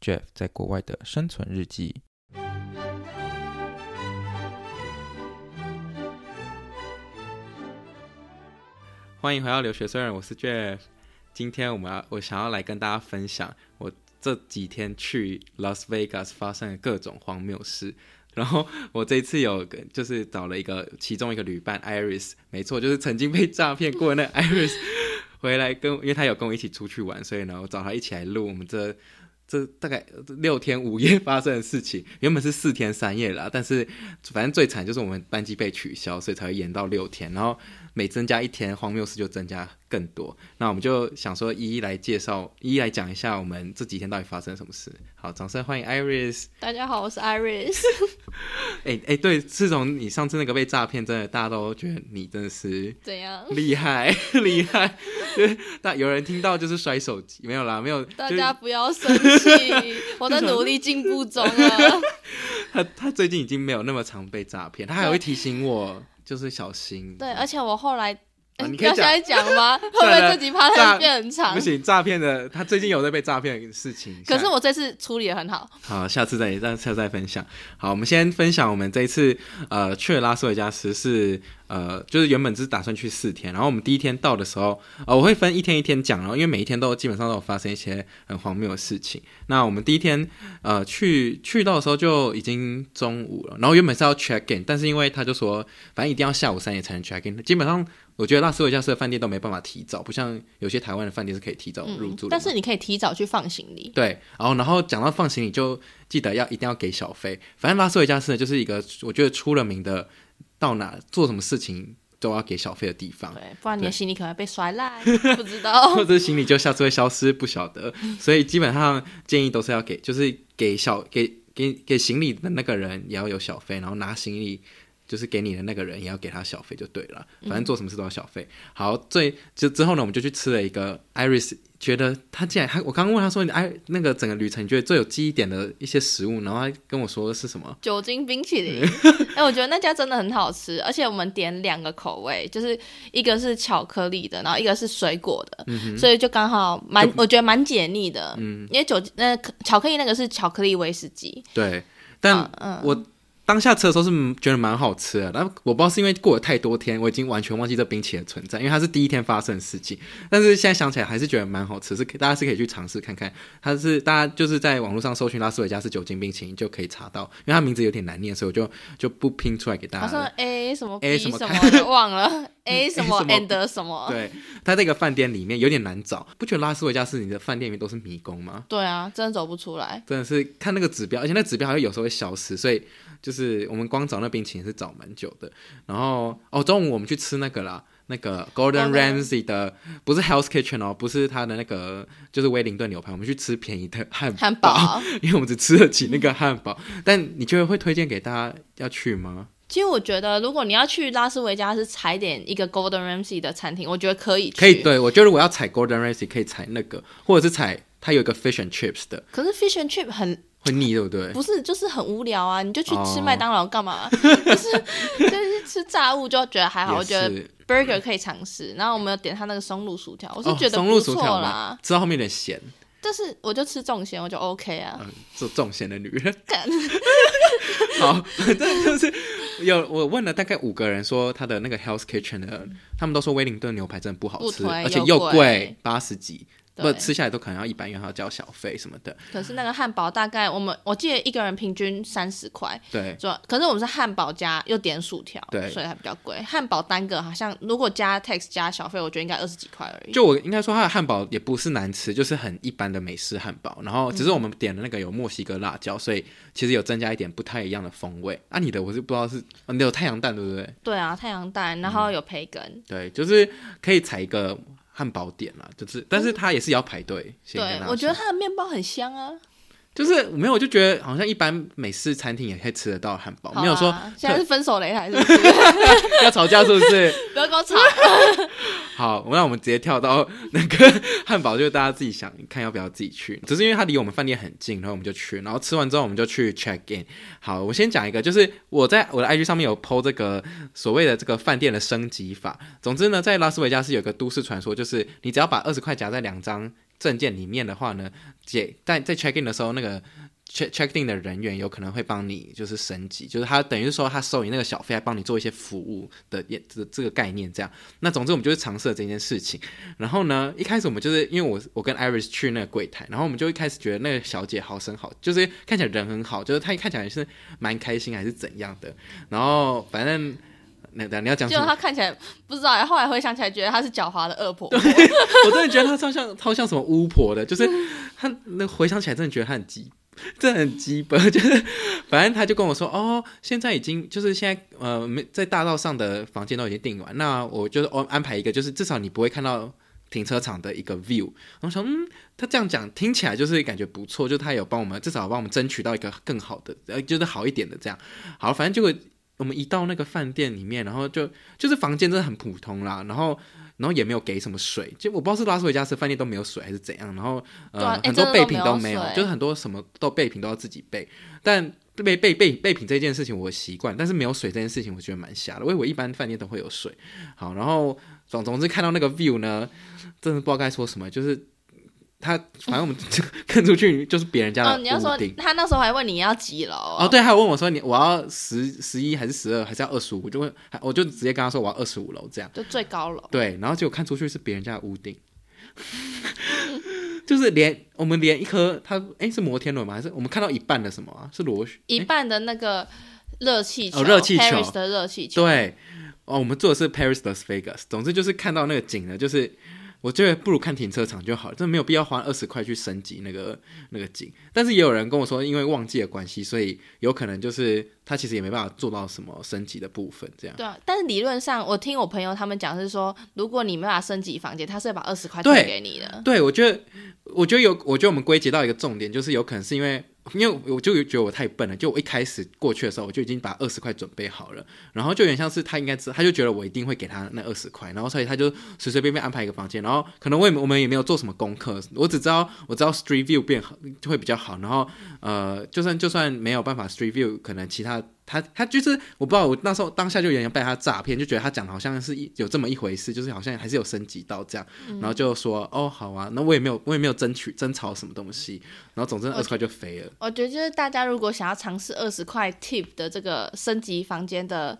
Jeff 在國外的生存日記。歡迎回到留學雖人，我是 Jeff。今天我們要，我想要來跟大家分享我這幾天去 Las Vegas 發生的各種荒謬事。然後我這一次有，就是找了一個其中一個旅伴 Iris，沒錯，就是曾經被詐騙過 那 Iris 回來跟，因為他有跟我一起出去玩，所以呢，我找他一起來錄我們這。這大概六天五夜發生的事情，原本是四天三夜啦，但是反正最慘就是我們班機被取消，所以才會延到六天，然後。每增加一天，荒謬事就增加更多。那我們就想說一一，一一來介紹，一一來講一下，我們這幾天到底發生了什麼事。好，掌聲歡迎 Iris。大家好，我是 Iris。哎 哎、欸欸，對，自從你上次那個被詐騙，真的大家都覺得你真的是怎樣厲害厲害。對，但 有人聽到就是摔手機，沒有啦，沒有。大家不要生氣， 我在努力進步中啊。他 他最近已經沒有那麼常被詐騙，他還會提醒我。Okay. 就是小心。對，而且我後來。你可以要現在講嗎？會不會自己怕他變很長。 不行，詐騙的他最近有在被詐騙的事情。可是我這次處理的很好。好，下次再下次再分享。好，我們先分享我們這一次呃，去的拉斯維加斯是呃，就是原本只是打算去四天，然後我們第一天到的時候，呃我會分一天一天講了，然後因為每一天都基本上都有發生一些很荒謬的事情。那我們第一天呃去去到的時候就已經中午了，然後原本是要 check in，但是因為他就說反正一定要下午三點才能 check in，基本上。我覺得拉斯維加斯的飯店都沒辦法提早，不像有些台灣的飯店是可以提早入住，嗯。但是你可以提早去放行李。對，然後然後講到放行李，就記得要一定要給小費。反正拉斯維加斯呢，就是一個我覺得出了名的，到哪做什麼事情都要給小費的地方。對，不然你的行李可能被摔爛， 不知道，或者行李就下次會消失，不曉得。所以基本上建議都是要給，就是給小給給給行李的那個人也要有小費，然後拿行李。就是給你的那個人也要給他小費就對了，反正做什麼事都要小費、嗯。好，最就之後呢，我們就去吃了一個。Iris 覺得他竟然還……我剛剛問他說，你 I，那個整個旅程你覺得最有記憶點的一些食物，然後他跟我說的是什麼？酒精冰淇淋。哎、嗯 欸，我覺得那家真的很好吃，而且我們點兩個口味，就是一個是巧克力的，然後一個是水果的，嗯、所以就剛好蠻，我覺得蠻解膩的。嗯，因為酒精那個、巧克力那個是巧克力威士忌。對，但我。嗯當下吃的時候是覺得蠻好吃的，然後我不知道是因為過了太多天，我已經完全忘記這冰淇淋的存在，因為它是第一天發生的事情。但是現在想起來還是覺得蠻好吃，是可大家是可以去嘗試看看。它是大家就是在網絡上搜尋拉斯維加斯酒精冰淇淋就可以查到，因為它名字有點難念，所以我就就不拼出來給大家。好像 A 什麼、B、A 什麼,什麼就忘了 A 什麼 And 什麼。對，它那個飯店裡面有點難找，不覺得拉斯維加斯你的飯店裡面都是迷宮嗎？對啊，真的走不出來。真的是看那個指標，而且那個指標好像有時候會消失，所以。就是我們光找那冰淇淋是找蠻久的，然後哦，中午我們去吃那個啦，那個 Gordon、嗯、Ramsay 的不是 Hell's Kitchen 哦，不是他的那個就是威靈頓牛排，我們去吃便宜的漢堡，漢堡，因為我們只吃得起那個漢堡。 但你覺得會會推薦給大家要去嗎？其實我覺得如果你要去拉斯維加斯踩點一個 Gordon Ramsay 的餐廳，我覺得可以，可以，對，我覺得我要踩 Gordon Ramsay 可以踩那個，或者是踩他有一個 Fish and Chips 的。可是 Fish and Chips 很。很膩對不對？不是，就是很無聊啊！你就去吃麥當勞幹嘛？哦 就是，就是吃炸物就覺得還好。我覺得 burger 可以嘗試，嗯，然後我們有點他那個松露薯條，哦，我是覺得松露薯條嘛，吃到後面有點鹹。但是我就吃重鹹，我就 OK 啊。嗯，做重鹹的女人。 好，反正就是有我問了大概五個人，說他的那個 Hell's Kitchen 的，他們都說威靈頓牛排真的不好吃，而且又貴，八十幾。不，吃下來都可能要一般，因為還要交小費什麼的。可是那個漢堡大概，我們我記得一個人平均三十塊。對。可是我們是漢堡加又點薯條，對，所以還比較貴。漢堡單個好像如果加 tax 加小費，我覺得應該二十幾塊而已。就我應該說，它的漢堡也不是難吃，就是很一般的美式漢堡。然後只是我們點了那個有墨西哥辣椒、嗯，所以其實有增加一點不太一樣的風味。啊，你的我是不知道是，你有太陽蛋對不對？對啊，太陽蛋，然後有培根。嗯、對，就是可以踩一個。漢堡店啦、啊，就是，但是他也是要排隊、嗯。對，我覺得他的面包很香啊。就是沒有，我就覺得好像一般美式餐廳也可以吃得到漢堡、啊，沒有說現在是分手擂台還是，不，是 不要吵架是不是？不要跟我吵。 好，那我，我們直接跳到那個漢堡，就是大家自己想看要不要自己去，只是因為它離我們飯店很近，然後我們就去，然後吃完之後我們就去 check in。好，我先講一個，就是我在我的 IG 上面有 po 這個所謂的這個飯店的升級法。總之呢，在拉斯維加斯有個都市傳說，就是你只要把二十塊夾在兩張，證件裡面的話呢，姐，但在 check in 的時候，那個 check check in 的人員有可能會幫你，就是升級，就是他等於說他收你那個小費來幫你做一些服務的，也這這個概念這樣。那總之我們就是嘗試這件事情。然後呢，一開始我們就是因為我我跟 Iris 去那個櫃檯，然後我們就一開始覺得那個小姐好生好，就是看起來人很好，就是她一看起來是蠻開心還是怎樣的。然後反正。你要講，就他看起來不知道，然後來回想起來，覺得他是狡猾的惡婆婆。對。我真的覺得他超像 超像什麼巫婆的，就是他那、嗯、回想起來，真的覺得他很急，真的很急，就是反正他就跟我說，哦，現在已經就是現在呃沒在大道上的房間都已經訂完，那我就是安安排一個，就是至少你不會看到停車場的一個 view。我、嗯、想，他這樣講聽起來就是感覺不錯，就他有幫我們至少幫我們爭取到一個更好的，呃，就是好一點的這樣。好，反正就會。我們一到那個飯店裡面，然後就就是房間真的很普通啦，然後然後也沒有給什麼水，就我不知道是拉斯維加斯飯店都沒有水還是怎樣，然後、啊、呃很多備品都沒，都沒有，就是很多什麼都備品都要自己備，但備備備備品這件事情我習慣，但是沒有水這件事情我覺得蠻瞎的，因為我一般飯店都會有水。好，然後總總之看到那個 view 呢，真的不知道該說什麼，就是。他反正我們就看出去就是別人家的屋頂、 哦。你要說，他那時候還問你要幾樓哦？對，他有問我說你我要十十一還是十二，還是要二十五？就問，我就直接跟他說我要二十五樓這樣。就最高樓。對，然後結果看出去是別人家的屋頂， 就是連我們連一顆他哎是摩天輪嗎？還是我們看到一半的什麼？是螺旋、欸、一半的那個熱氣哦熱氣球、Paris、的熱氣球對哦我們坐的是 Paris Las Vegas，總之就是看到那個景呢就是。我覺得不如看停車場就好了，這沒有必要花二十塊去升級那個那個景。但是也有人跟我說，因為旺季的關係，所以有可能就是他其實也沒辦法做到什麼升級的部分，這樣。對啊，但是理論上，我聽我朋友他們講是說，如果你沒辦法升級房間，他是會把二十塊退給你的對。對，我覺得，我覺得有，我覺得我們歸結到一個重點，就是有可能是因為。因為我就覺得我太笨了，就我一開始過去的時候，我就已經把二十塊準備好了，然後就有點像是他應該知，他就覺得我一定會給他那二十塊，然後所以他就隨隨便便安排一個房間，然後可能我們我們也沒有做什麼功課，我只知道我知道 street view 變好就會比較好，然後呃，就算就算沒有辦法 street view，可能其他。他他就是我不知道，我那時候當下就有點被他詐騙，就覺得他講好像是一有這麼一回事，就是好像還是有升級到這樣，然後就說、嗯、哦好啊，那我也沒有我也沒有爭取爭吵什麼東西，然後總之二十塊就飛了。我覺得，我覺得就是大家如果想要嘗試二十塊 tip 的這個升級房間的。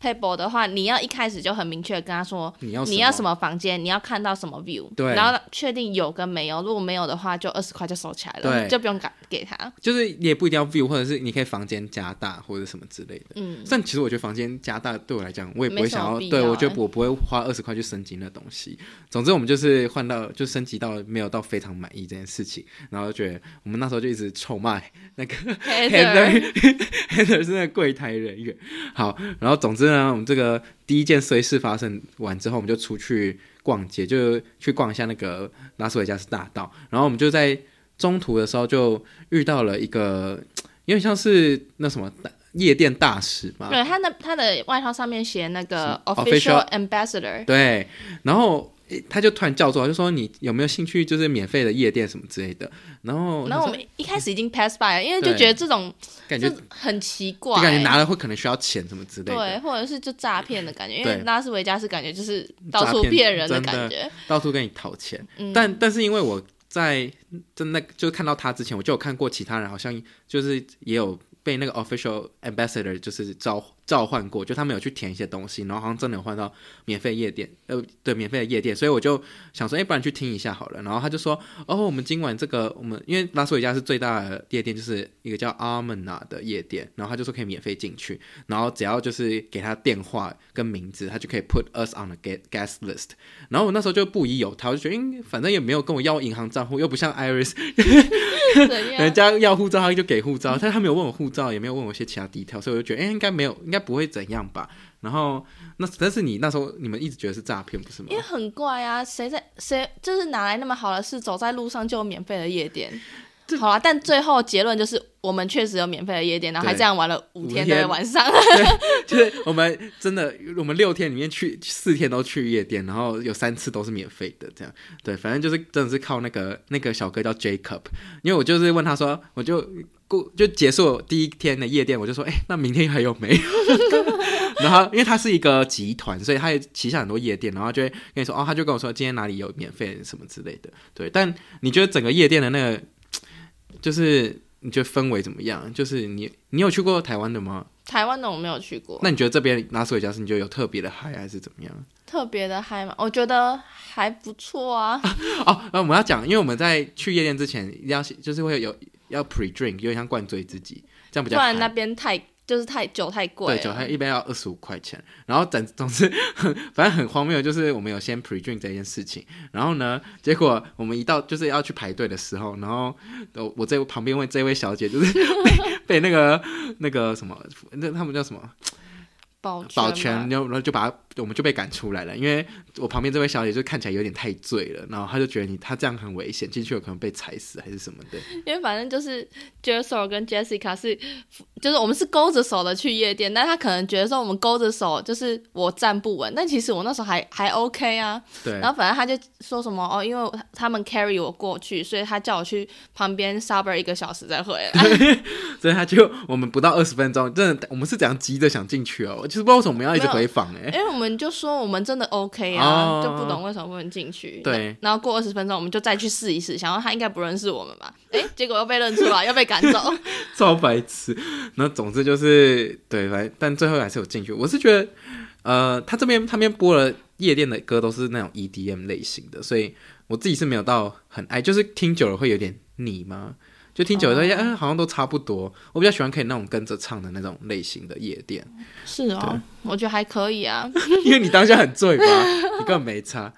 配伯的話，你要一開始就很明確跟他說你要你要什麼房間，你要看到什麼 view，對，然後確定有跟沒有。如果沒有的話，就二十塊就收起來了，就不用給給他。就是你也不一定要 view，或者是你可以房間加大或者什麼之類的。嗯，但其實我覺得房間加大對我來講，我也不會想要。要欸、對，我覺得我不會花二十塊去升級那東西。總之，我們就是換到就升級到沒有到非常滿意這件事情，然後就覺得我們那時候就一直臭罵那個 h a t e r h a t e r 是那個櫃台人員。好，然後總之。那我們這個第一件衰事發生完之後，我們就出去逛街，就去逛一下那個拉斯維加斯大道。然後我們就在中途的時候就遇到了一個，有點像是那什麼夜店大使嘛。對，他的他的外套上面寫那個 official, official ambassador。對，然後。他就突然叫住我，就說：“你有沒有興趣？就是免費的夜店什麼之類的。”然後，然後我們一開始已經 pass by 了，因為就覺得這種就很奇怪，就感覺拿了會可能需要錢什麼之類的。對，或者是就詐騙的感覺，因為拉斯維加斯感覺就是到處騙人的感覺，到處跟你討錢。嗯、但但是因為我在就那個、就看到他之前，我就有看過其他人，好像就是也有被那個 official ambassador 就是招。召喚過，就他沒有去填一些東西，然後好像真的有換到免費夜店，呃，對，免費的夜店，所以我就想說，哎、欸，不然去聽一下好了。然後他就說，哦，我們今晚這個，我們因為拉斯維加斯最大的夜店，就是一個叫阿曼娜的夜店。然後他就說可以免費進去，然後只要就是給他電話跟名字，他就可以 put us on the guest list。然後我那時候就不疑有他，我就覺得，嗯，反正也沒有跟我要銀行賬戶，又不像 Iris， 人家要護照他就給護照， 但他沒有問我護照，也沒有問我一些其他 detail，所以我就覺得，哎、欸，應該沒有，應該。不會怎樣吧？然後那但是你那時候你們一直覺得是詐騙，不是嗎？也很怪啊，誰在誰就是哪來那麼好的事？走在路上就有免費的夜店。 好啊，但最後結論就是，我們確實有免費的夜店，然後還這樣玩了五天的晚上。就是我們真的，我們六天裡面去四天都去夜店，然後有三次都是免費的，這樣。對，反正就是真的是靠那個那個小哥叫 Jacob，因為我就是問他說，我就過就結束第一天的夜店，我就說，誒、欸，那明天還有沒有？ 然後因為他是一個集團，所以他也旗下很多夜店，然後就會跟你說，哦，他就跟我說今天哪裡有免費什麼之類的。對，但你覺得整個夜店的那個？就是你覺得氛圍怎麼樣？就是你，你有去過台灣的嗎？台灣的我沒有去過。那你覺得這邊拉斯維加斯，你覺得有特別的嗨，還是怎麼樣？特別的嗨嗎？我覺得還不錯啊。哦、啊，那、啊、我們要講，因為我們在去夜店之前，一定要就是會有要 pre drink，有點像灌醉自己，這樣比較。突然那邊太。就是太酒太貴，對，酒一杯要二十五塊錢。然後總總之，反正很荒謬，就是我們有先 pre drink 這件事情，然後呢，結果我們一到就是要去排隊的時候，然後我我這旁邊問這位小姐就是被 被那個那個什麼，那他們叫什麼，保全，然後然後就把他。我們就被趕出來了，因為我旁邊這位小姐就看起來有點太醉了，然後她就覺得你她這樣很危險，進去有可能被踩死還是什麼的。因為反正就是 Jesse 跟 Jessica 是，就是我們是勾着手的去夜店，但她可能覺得說我們勾着手就是我站不穩，但其實我那時候還還 OK 啊。對。然後反正她就說什麼哦，因為他們 carry 我過去，所以他叫我去旁邊 sober 一個小時再回來。對哎、所以他就我們不到二十分鐘，真的我們是怎樣急着想進去哦，就是不知道為什麼我們要一直回房哎、欸？因為我們。我們就說我們真的 OK 啊，啊就不懂為什麼不能進去。對，然後過二十分鐘，我們就再去試一試，想說他應該不認識我們吧？哎、欸，結果又被認出來， 又被趕走，超白痴。那總之就是對，反正但最後還是有進去。我是覺得，呃，他這邊他們播了夜店的歌都是那種 EDM 類型的，所以我自己是沒有到很愛，就是聽久了會有點膩嗎？就聽久了說，哎、哦欸，好像都差不多。我比較喜歡可以那種跟着唱的那種類型的夜店。是哦。我覺得還可以啊， 因為你當下很醉吧， 你根本沒差，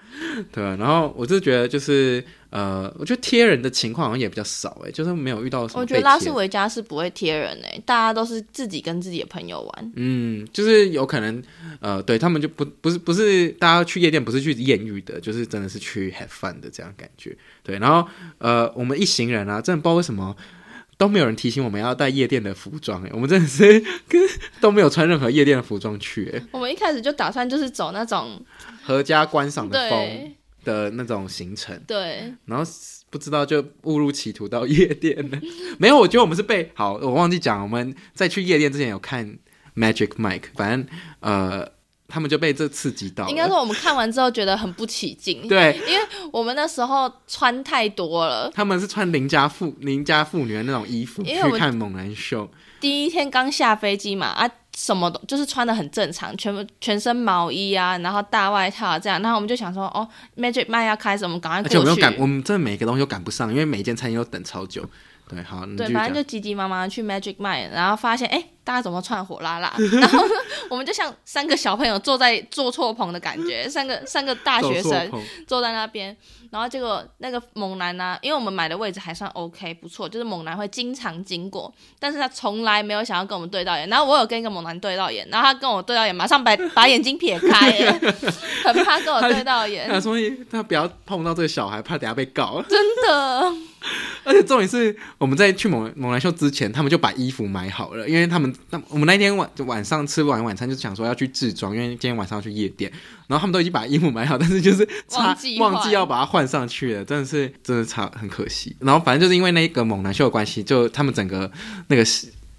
對，然後我就覺得就是呃，我覺得貼人的情況好像也比較少哎、欸，就是沒有遇到什麼。我覺得拉斯維加斯不會貼人哎、欸，大家都是自己跟自己的朋友玩。嗯，就是有可能呃，對，他們就不不是不是，不是大家去夜店不是去豔遇的，就是真的是去 have fun 的這樣感覺。對，然後呃，我們一行人啊，真的不知道為什麼。都沒有人提醒我們要帶夜店的服裝哎，我們真的是跟都沒有穿任何夜店的服裝去哎。我們一開始就打算就是走那種合家觀賞的風的那種行程，對。然後不知道就誤入歧途到夜店了。沒有，我覺得我們是被好，我忘記講，我們在去夜店之前有看 Magic Mike，反正呃。他們就被這刺激到，應該說我們看完之後覺得很不起勁。 對，因為我們那時候穿太多了。他們是穿鄰家婦鄰家婦女的那種衣服去看猛男秀。第一天剛下飛機嘛，啊，什麼都就是穿得很正常，全全身毛衣啊，然後大外套這樣。然後我們就想說，哦，Magic Mike 要開始，我們趕快過去。而且我們又趕，我們這每個東西都趕不上，因為每間餐廳都等超久。對，好，你繼續講。對，反正就急急忙忙去 Magic Mike 然後發現哎。欸大家怎麼串火辣辣？然後呢，我們就像三個小朋友坐在坐錯棚的感覺，三個三個大學生坐在那邊。然後結果那個猛男呢、啊，因為我們買的位置還算 OK，不錯，就是猛男會經常經過，但是他從來沒有想要跟我們對到眼。然後我有跟一個猛男對到眼，然後他跟我對到眼，馬上把把眼睛撇開，很怕跟我對到眼。所以他，他不要碰到這個小孩，怕等下被告。真的， 而且重點是我們在去猛猛男秀之前，他們就把衣服買好了，因為他們。那我們那天晚就晚上吃完晚餐，就想說要去治裝，因為今天晚上要去夜店。然後他們都已經把衣服買好，但是就是忘記，忘記要把它換上去了，真的是真的是差很可惜。然後反正就是因為那個猛男秀的關係，就他們整個那個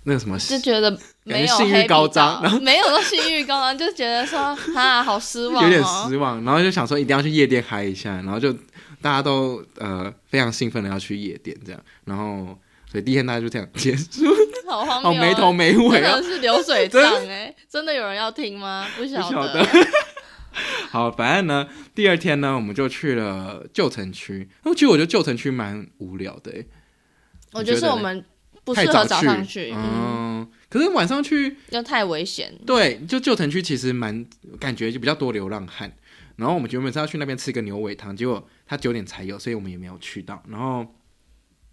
那個什麼就覺得沒有性慾高漲，然後沒有性慾高漲， 就覺得說啊好失望，哦，有點失望。然後就想說一定要去夜店嗨一下，然後就大家都呃非常興奮的要去夜店這樣。然後所以第一天大家就這樣結束。好荒謬，喔！哦，沒頭沒尾，喔。真的是流水賬哎，欸，真的有人要聽嗎？不曉得。得 好，反正呢，第二天呢，我們就去了舊城區。那其實我覺得舊城區蠻無聊的哎，欸。我覺得我是我們不適合早上去，早去嗯，嗯。可是晚上去又太危險。對，就舊城區其實蠻感覺就比較多流浪漢。然後我們原本是要去那邊吃個牛尾湯，結果他九點才有，所以我們也沒有去到。然後。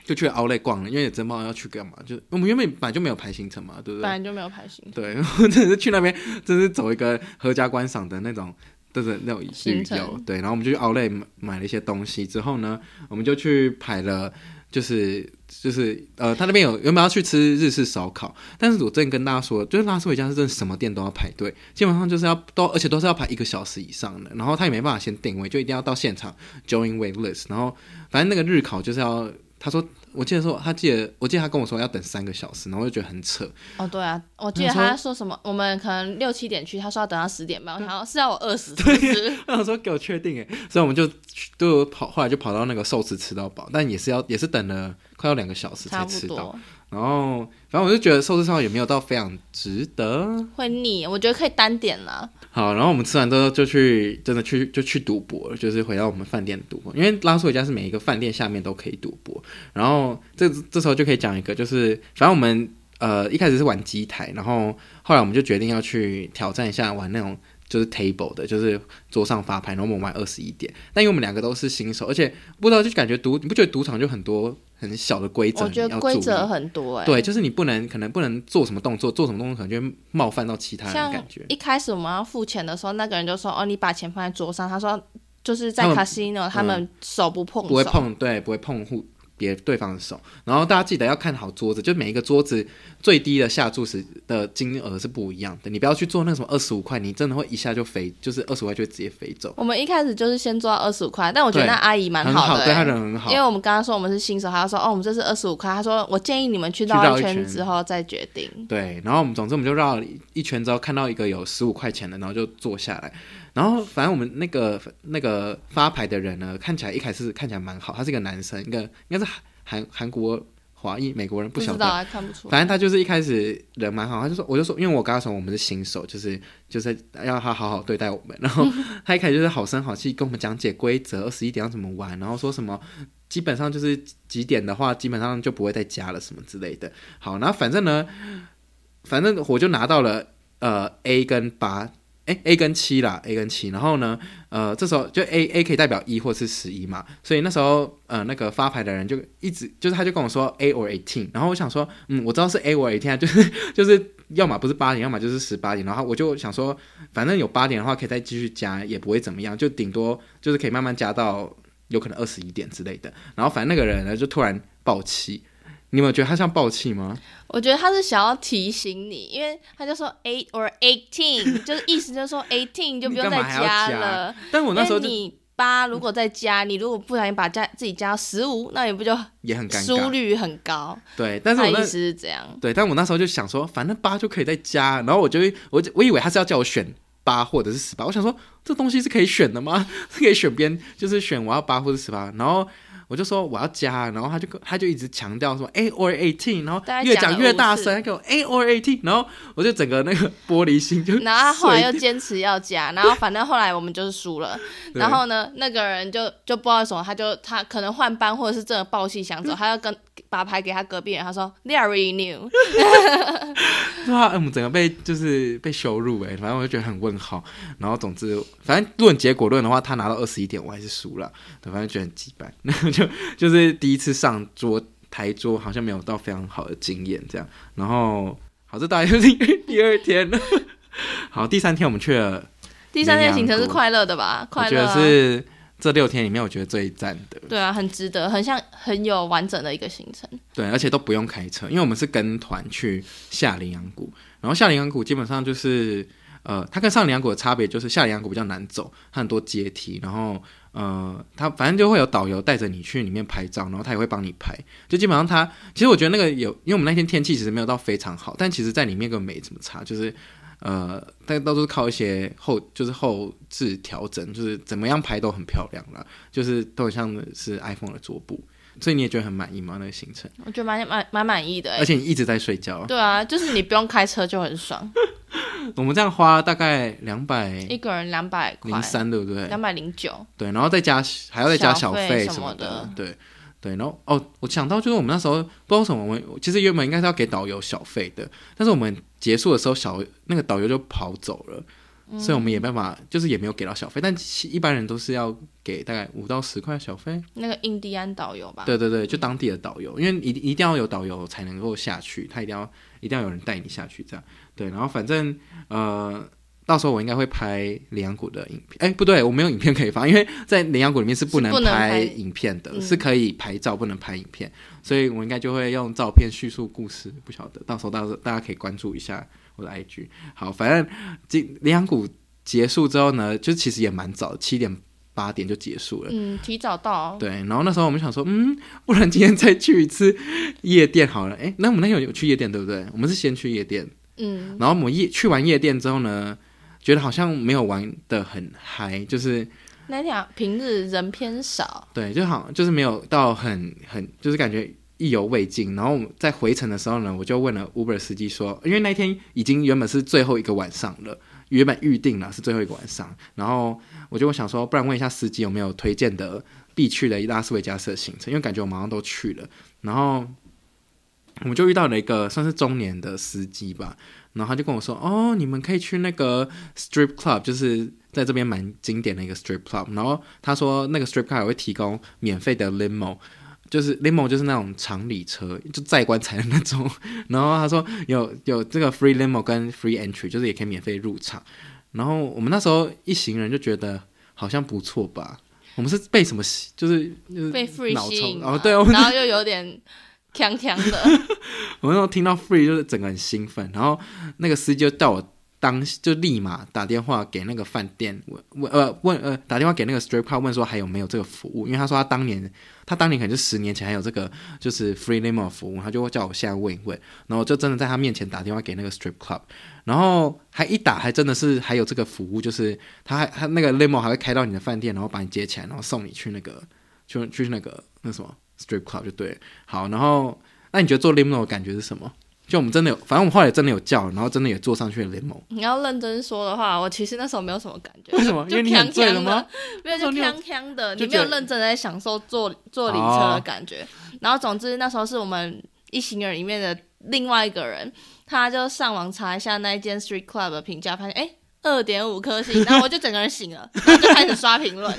就去 Outlet 逛了，因為也真不知道要去幹嘛。就我們原本本來就沒有排行程嘛，對不對？本來就沒有排行程。對，我真的是去那邊，就是走一個闔家觀賞的那種，就是那種旅遊。對，然後我們就去 Outlet 買，買了一些東西之後呢，我們就去排了，就是就是呃，他那邊有原本要去吃日式燒烤，但是我真的跟大家說，就是拉斯維加斯真的什麼店都要排隊，基本上就是要都而且都是要排一個小時以上的。然後他也沒辦法先定位，就一定要到現場 join wait list。然後反正那個日烤就是要。他說：“我記得說他記得，我記得他跟我說要等三個小時，然後我就覺得很扯。”哦，對啊，我記得他在說什麼，他說，我們可能六七點去，他說要等到十點吧。嗯，我想要，是要我餓死，他想說給我確定哎，所以我們就就跑，後來就跑到那個壽司吃到飽，但也是要也是等了快要兩個小時才吃到。然後反正我就覺得壽司上也沒有到非常值得，會膩，我覺得可以單點了。好，然後我們吃完之後就去，真的去就去賭博，就是回到我們飯店賭博，因為拉斯維加斯一家是每一個飯店下面都可以賭博，然後這這時候就可以講一個，就是反正我們呃一開始是玩機台，然後後來我們就決定要去挑戰一下玩那種就是 table 的，就是桌上發牌，然後我們玩二十一點。但因為我們兩個都是新手，而且不知道就感覺賭，你不覺得賭場就很多？很小的規則，我覺得規則很多哎、欸。對，就是你不能，可能不能做什麼動作，做什麼動作可能就會冒犯到其他人的感覺。像一開始我們要付錢的時候，那個人就說：“哦，你把錢放在桌上。”他說：“就是在卡西諾，他們手不碰手，不會碰，對，不會碰別對方的手，然後大家記得要看好桌子，就每一個桌子最低的下注時的金額是不一樣的，你不要去坐那什麼二十五塊，你真的會一下就飛，就是二十五塊就直接飛走。我們一開始就是先坐二十五塊，但我覺得那阿姨蠻好的、欸好，對她人很好。因為我們剛剛說我們是新手，她就說哦，我們這是二十五塊。她說我建議你們去繞一圈之後再決定。對，然後我們總之我們就繞一圈之後，看到一個有十五塊錢的，然後就坐下來。然後，反正我們那個那個發牌的人呢，看起來一開始看起來蠻好，他是個男生，一個應該是韓韓國華裔美國人，不曉得，不知道，看不出來。反正他就是一開始人蠻好，他就說，我就說，因為我剛剛說我們是新手，就是就是要他好好對待我們。然後他一開始就是好聲好氣跟我們講解規則，二十一點要怎麼玩，然後說什麼基本上就是幾點的話，基本上就不會再加了什麼之類的。好，然後反正呢，反正我就拿到了呃 A 跟八。欸、a 跟七啦，a 跟七，然後呢，呃，這時候就 a a 可以代表一或是十一嘛，所以那時候，呃，那個發牌的人就一直，就是他就跟我說 a or eighteen，然後我想說，嗯，我知道是 a or eighteen，就是就是，就是、要麼不是八點，要麼就是十八點，然後我就想說，反正有八點的話，可以再繼續加，也不會怎麼樣，就頂多就是可以慢慢加到有可能二十一點之類的，然後反正那個人呢就突然爆七。你有沒有覺得他像爆氣嗎？我覺得他是想要提醒你，因為他就說 eight or eighteen， 就是意思就是說 eighteen 就不用再加了。加。但我那時候因為你八如果再加，嗯，你如果不小心把加自己加到十五，那你不就也很尷尬？輸率很高很。對，但是意思 是這樣。 對，但我那時候就想說，反正八就可以再加，然後我就我我以為他是要叫我選八或者是十八。我想說，這東西是可以選的嗎？ 可以選邊，就是選我要八或者十八。然後。我就說我要加，然後他就他就一直強調說 A or 18，然後越講越大聲，大他給我 A or 18，然後我就整個那個玻璃心就。然後他後來又堅持要加，然後反正後來我們就是輸了， 然後呢那個人就就不知道什麼，他就他可能換班或者是真的爆氣想走，嗯、他要跟。把牌給他隔壁，他說，you are really new。 對啊，我們整個被就是被羞辱誒，反正我就覺得很問號。然後總之，反正論結果論的話，他拿到二十一點，我還是輸了。對，反正覺得很雞巴。那就就是第一次上桌台桌，好像沒有到非常好的經驗這樣。然後好，這大概就是因為第二天了。 好，第三天我們去了明明，第三天的行程是快樂的吧？快樂、啊、是。這六天裡面，我覺得最讚的對啊，很值得，很像很有完整的一個行程。對，而且都不用開車，因為我們是跟團去下羚羊谷。然後下羚羊谷基本上就是，呃，它跟上羚羊谷的差別就是下羚羊谷比較難走，它很多階梯。然後，呃，它反正就會有導遊帶着你去裡面拍照，然後他也會幫你拍。就基本上它，其實我覺得那個有，因為我們那天天氣其實沒有到非常好，但其實在裡面根本沒怎麼差，就是。呃，但都是靠一些後，就是後製調整，就是怎麼樣拍都很漂亮啦，就是都很像是 iPhone 的桌布，所以你也覺得很滿意嗎？那個行程？我覺得蠻蠻蠻滿意的，欸。而且你一直在睡覺。對啊，就是你不用開車就很爽。 我們這樣花大概兩百，一個人兩百零三，對不對？兩百零九，對，然後再加還要再加小費什,什麼的，對對。然後哦，我想到就是我們那時候不知道什麼，我們其實原本應該是要給導遊小費的，但是我們。結束的時候小、小那個導遊就跑走了、嗯，所以我們也辦法，就是也沒有給到小費。但一般人都是要給大概五到十塊小費。那個印第安導遊吧？對對對，就當地的導遊、嗯，因為一一定要有導遊才能夠下去，他一定要一定要有人帶你下去這樣。對，然後反正呃。到時候我應該會拍羚羊谷的影片，哎、欸，不對，我沒有影片可以發，因為在羚羊谷裡面是不能拍影片的是，是可以拍照，不能拍影片，嗯、所以我應該就會用照片敘述故事，不曉得，到時候到時候大家可以關注一下我的 IG。好，反正這羚羊谷結束之後呢，就其實也蠻早，七點八點就結束了，嗯，提早到。對，然後那時候我們想說，嗯，不然今天再去一次夜店好了，哎、欸，那我們那有去夜店，對不對？我們是先去夜店，嗯，然後我們夜去完夜店之後呢。覺得好像沒有玩得很嗨，就是那天平日人偏少，對，就好就是沒有到很很，就是感覺意猶未盡。然後在回程的時候呢，我就問了 Uber 司機說，因為那天已經原本是最後一個晚上了，原本預定了是最後一個晚上，然後我就想說，不然問一下司機有沒有推薦的必去的拉斯維加斯的行程，因為感覺我馬上都去了。然後我們就遇到了一個算是中年的司機吧。然後他就跟我說：“哦，你們可以去那個 strip club，就是在這邊蠻經典的一個 strip club。”然後他說：“那個 strip club 也會提供免費的 limo，就是 limo 就是那種長禮車，就載棺材的那種。”然後他說有：“有有這個 free limo 跟 free entry，就是也可以免費入場。”然後我們那時候一行人就覺得好像不錯吧。我們是被什麼？就是、就是、被 free 吸引哦，對哦，然後又有點。鏘鏘的， 我那時候聽到 free 就是整個很興奮，然後那個司機就叫我當就立馬打電話給那個飯店問呃問呃問呃打電話給那個 strip club 問說，還有沒有這個服務，因為他說他當年，他當年可能就十年前還有這個就是 free limo 服務，他就會叫我現在問一問，然後就真的在他面前打電話給那個 strip club，然後還一打還真的是還有這個服務，就是他還，他那個 limo 還會開到你的飯店，然後把你接起來，然後送你去那個就去，去那個那什麼。Strip club 就對，好，然後那你覺得坐 limo 的感覺是什麼？就我們真的有，反正我們後來也真的有叫，然後真的也坐上去的 limo。你要認真說的話，我其實那時候沒有什麼感覺。為什麼？ 就飄，飄的，因為你醉了嗎？沒有，就飄飄的，你，你沒有認真在享受坐坐 limo 車的感覺。Oh. 然後總之那時候是我們一行人裡面的另外一個人，他就上網查一下那一間 Strip club 的評價，發現哎。二點五顆星，然後我就整個人醒了， 然後就開始刷評論。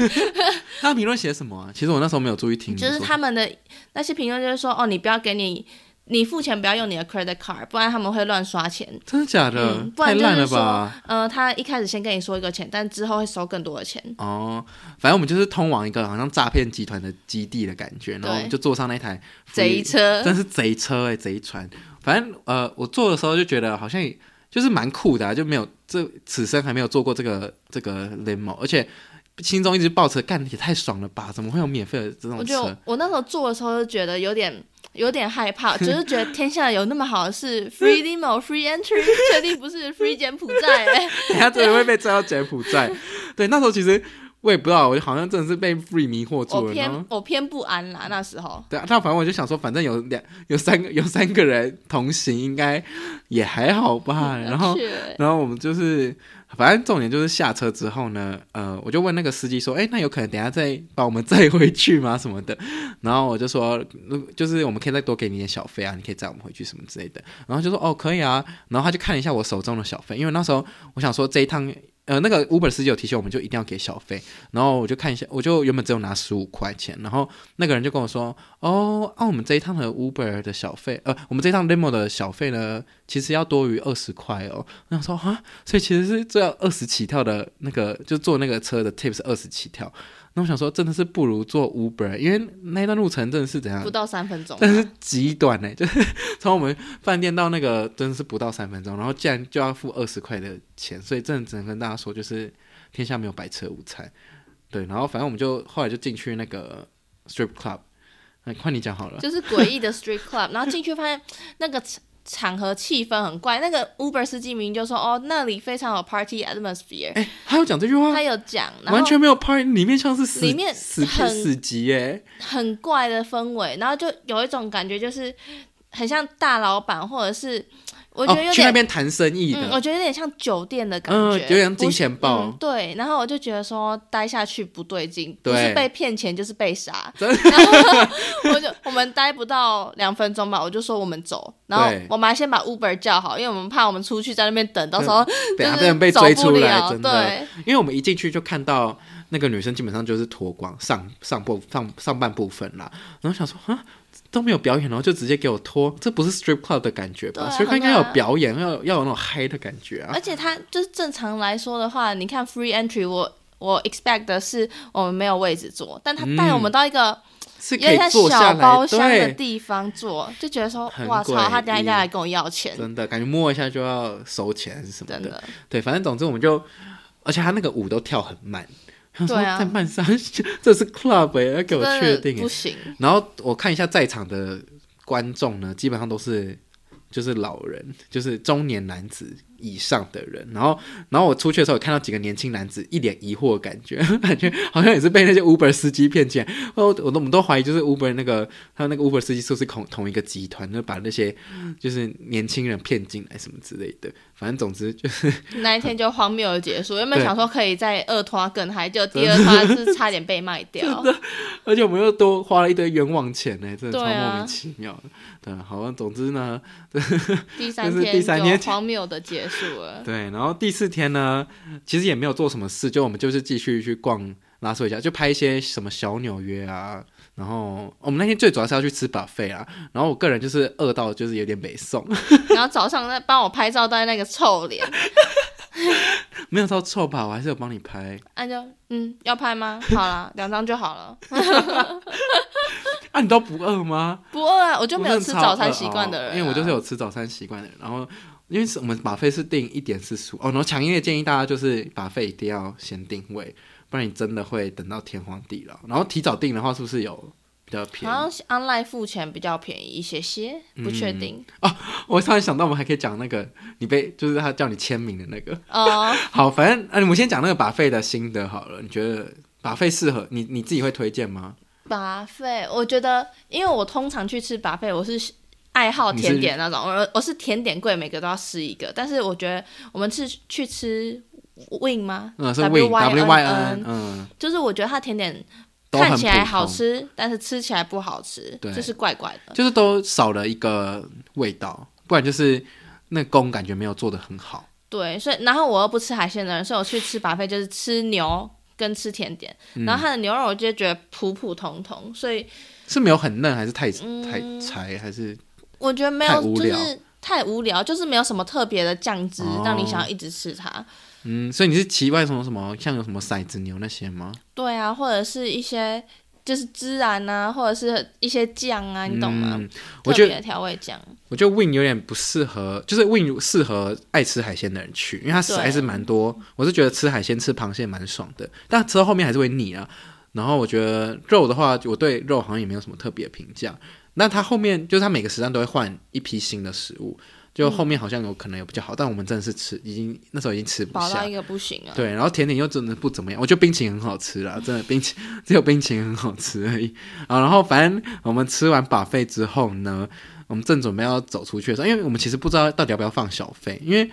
那評論寫什麼啊？其實我那時候沒有注意聽。就是他們的那些評論，就是說哦，你不要給你，你付錢不要用你的 credit card，不然他們會亂刷錢。真的假的？嗯、太爛了吧！嗯、呃，他一開始先跟你說一個錢，但之後會收更多的錢。哦，反正我們就是通往一個好像詐騙集團的基地的感覺，然後我們就坐上那台賊車，真是賊車哎、欸，賊船。反正呃，我坐的時候就覺得好像。就是蠻酷的，啊，就沒有這此生還沒有坐過這個這個 limo，而且心中一直抱持幹也太爽了吧？怎麼會有免費的這種事？就我，我，我那時候坐的時候就覺得有點有點害怕，就是覺得天下有那麼好的事 free limo free entry，確 定不是 free 柬埔寨，欸？ 等下真的會被抓到柬埔寨？ 對，那時候其實。我也不知道，我好像真的是被 free 迷惑住了。我偏我偏不安啦，那時候。對啊，但反正我就想說，反正有兩、有三個、有三個人同行，應該也還好吧。嗯、然後，然後我們就是，反正重點就是下車之後呢，呃，我就問那個司機說：“誒，那有可能等下再把我們載回去嗎？什麼的？”然後我就說：“就是我們可以再多給你一點小費啊，你可以載我們回去什麼之類的。”然後就說：“哦，可以啊。”然後他就看了一下我手中的小費，因為那時候我想說這一趟。呃，那個 Uber 司機有提醒我們，就一定要給小費。然後我就看一下，我就原本只有拿十五塊錢，然後那個人就跟我說：“哦，啊，我們這一趟的 Uber 的小費，呃，我們這一趟 Limo 的小費呢，其實要多於二十塊哦。那我說”我想說啊，所以其實是就要二十起跳的那個，就坐那個車的 Tips 是二十起跳。那我想說，真的是不如坐 Uber，因為那段路程真的是怎樣，不到三分鐘，但是極短呢、欸。就是從我們飯店到那個真的是不到三分鐘。然後既然就要付二十塊的錢，所以真的只能跟大家說，就是天下沒有白吃的午餐，對。然後反正我們就後來就進去那個 Strip Club，換、欸、你講好了，就是詭異的 Strip Club。 然後進去發現那個。場合氣氛很怪，那個 Uber 司機明就說：“哦，那裡非常有 party atmosphere。”欸，他有講這句話，他有講，完全沒有 party，裡面像是裡面很死氣死機，很怪的氛圍，然後就有一種感覺，就是很像大老板或者是。我覺得有點、哦、去那邊談生意的、嗯，我覺得有點像酒店的感覺，嗯、有點金錢豹、嗯。對，然後我就覺得說待下去不對勁，不是被騙錢就是被殺。真的，然後 我就我們待不到兩分鐘吧，我就說我們走。然後我媽先把 Uber 叫好，因為我們怕我們出去在那邊等到時候，等、嗯、下、就是、被人被追出來，對，因為我們一進去就看到那個女生基本上就是脫光上上部上上半部分了，然後想說啊。都沒有表演，然後就直接給我脫，這不是 strip club 的感覺吧？啊、所以他應該有表演，嗯、要要有那種嗨的感覺啊！而且他就是正常來說的話，你看 free entry，我我 expect 的是我們沒有位置坐，但他帶我們到一個、嗯、有點像小包廂的地方做坐，就覺得說哇操，他等下應該來跟我要錢，真的感覺摸一下就要收錢什麼的,的。對，反正總之我們就，而且他那個舞都跳很慢。他說在漫山，這是 club 哎、欸，要給我確定哎、欸，然後我看一下在場的觀眾呢，基本上都是就是老人，就是中年男子。以上的人，然後，然後我出去的時候，看到幾個年輕男子一臉疑惑的感覺，感覺好像也是被那些 Uber 司機騙進來，我，我，我都，我們都懷疑就是 Uber 那個，他那個 Uber 司機是不是同同一個集團，就把那些就是年輕人騙進來什麼之類的，反正總之就是那一天就荒謬的結束，嗯、原本想說可以在二團跟還就第二團是差點被賣掉 ，而且我們又多花了一堆冤枉錢呢、欸，真的超莫名其妙的對、啊，對，好，總之呢，第三天就荒謬的結束。 對，然後第四天呢，其實也沒有做什麼事，就我們就是繼續去逛，拉斯維加斯一下，就拍一些什麼小紐約啊。然後我們那天最主要是要去吃 buffet 啊。然後我個人就是餓到就是有點沒送。然後早上在幫我拍照帶那個臭臉， 沒有說臭吧，我還是有幫你拍。按、啊、照嗯，要拍嗎？好了，兩張就好了。 啊，你都不餓嗎？不餓啊，我就沒有吃早餐習慣的人、啊哦，因為我就是有吃早餐習慣的人，然後。因為我們 buffet 是定一點四十五哦，然後強烈建議大家就是 buffet 一定要先定位，不然你真的會等到天荒地老。然後提早定的話，是不是有比較便宜？好像 online 付錢比較便宜一些些，嗯、不確定哦，我突然想到，我們還可以講那個你被就是他叫你簽名的那個哦。Oh. 好，反正啊，我們先講那個 buffet 的心得好了。你覺得 buffet 適合你，你自己會推薦嗎？Buffet，我覺得因為我通常去吃 buffet，我是。愛好甜點那種，我我是甜點貴，每個都要試一個。但是我覺得我們是去吃 Wynn 嗎、嗯、Wynn？W-Y-N-N，嗯，就是我覺得它甜點看起來好吃，但是吃起來不好吃，就是怪怪的，就是都少了一個味道，不然就是那工感覺沒有做得很好。對，所以然後我又不吃海鮮的人，所以我去吃巴菲就是吃牛跟吃甜點，嗯，然後它的牛肉我就覺得普普通通，所以是沒有很嫩，還是太太柴，還是？我覺得沒有，就是太無聊，就是沒有什麼特別的醬汁、哦、讓你想要一直吃它。嗯，所以你是奇怪什麼什麼，像有什麼骰子牛那些嗎？對啊，或者是一些就是孜然啊，或者是一些醬啊，你懂嗎、嗯我覺得？特別的調味醬。我覺得 Win 有點不適合，就是 Win 適合愛吃海鮮的人去，因為它實在是蠻多。我是覺得吃海鮮吃螃蟹蠻爽的，但吃到後面還是會膩啊。然後我覺得肉的話，我對肉好像也沒有什麼特別的評價。那他後面就是他每個時段都會換一批新的食物，就後面好像有可能也比較好，嗯，但我們真的是吃已經那時候已經吃不下，飽到一個不行了。對，然後甜點又真的不怎麼樣，我覺得冰淇淋很好吃啦，真的冰淇淋 只有冰淇淋很好吃而已啊。然後反正我們吃完 buffet 之後呢，我們正準備要走出去的時候，因為我們其實不知道到底要不要放小費，因為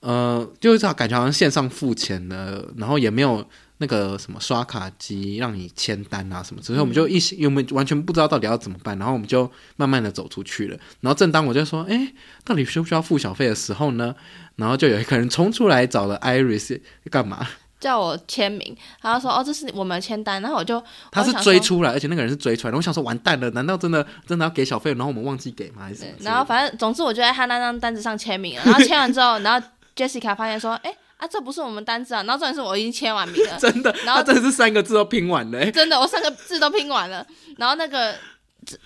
呃，就是感覺好像線上付錢的，然後也沒有。那個什麼刷卡機讓你簽單啊什麼之，之、嗯、後我們就一我們完全不知道到底要怎麼辦，然後我們就慢慢的走出去了。然後正當我就說，哎、欸，到底需不需要付小費的時候呢，然後就有一個人衝出來找了 Iris 幹嘛？叫我簽名，然後說，哦，這是我們簽單，然後我就他是追出來，而且那個人是追出來，然後我想說完蛋了，難道真的真的要給小費，然後我們忘記給嗎？還、欸、是然後反正總之我就在他那張單子上簽名了，然後簽完之後， 然後 Jessica 發現說，哎、欸。啊，這不是我們單子啊！然後這是我已經簽完名了，真的。然後真的是三個字都拼完了欸，真的，我三個字都拼完了。 然後那個